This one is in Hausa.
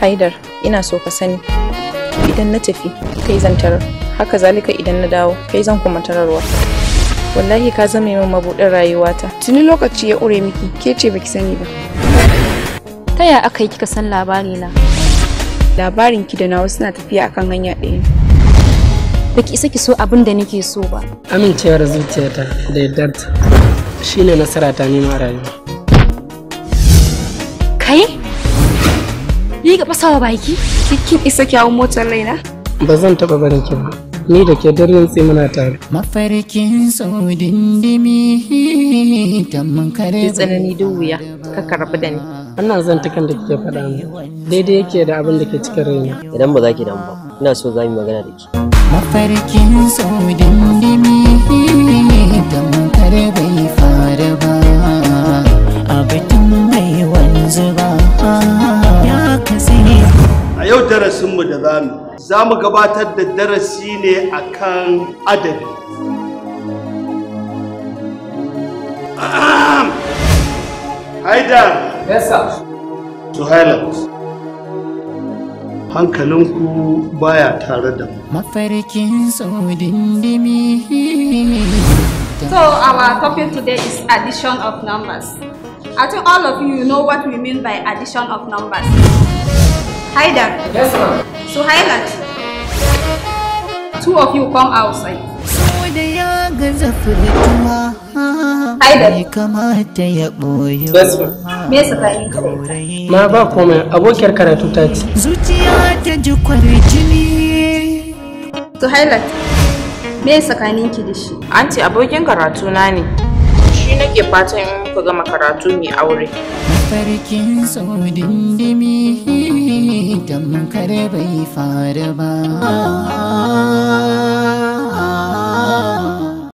Haidar, ina so ka sani. Idan na tafi, kai zan tarar. Haka zalika idan na dawo, kai zan kuma tararwa. Wallahi ka zama min mabuɗin rayuwata. Tuni lokaci ya ƙure miki, ke ce baki sani ba. Ta ya aka yi kika san labari na? Labarin ki da wasu suna tafiya akan hanya ɗaya. Baki isa ki so abin da nake so ba. Amincewar zuciyata da yardarta shine nasara ta nema rayuwa. Kai? Ni ga fasawa baki? Kin isa kyawun motar raina? Ba zan taba barin ki ba. ni da ke daren sai muna tare. Mafarkin saudin dimi tamman kare. Ki tsanani duk wuya ka karbi da ni. Wannan zantukan da kike faɗa mu daidai yake da abin da ke cikin raina. Idan ba za ki damu ba ina so za mu magana da ki. Mafarkin saudin dimi tamman kare bai yau darasinmu da zamu za mu gabatar da darasi ne a adabi haidar yes to highlands hankalinku baya tare da mu mafarkin dindimi so our topic today is addition of numbers i think all of you know what we mean by addition of numbers Haidar. Yes, ma'am. Suhailat. Two of you come outside. da ya gaza furtuwa bai kamata ya ɓoyo ma ba komai abokiyar karatu ta ce zuciya ta ji jini to highlight me tsakanin ki da shi an abokin karatu na ne shi nake fatan in ku gama karatu mai aure mafarkin sau dindimi idan kare bai fara ba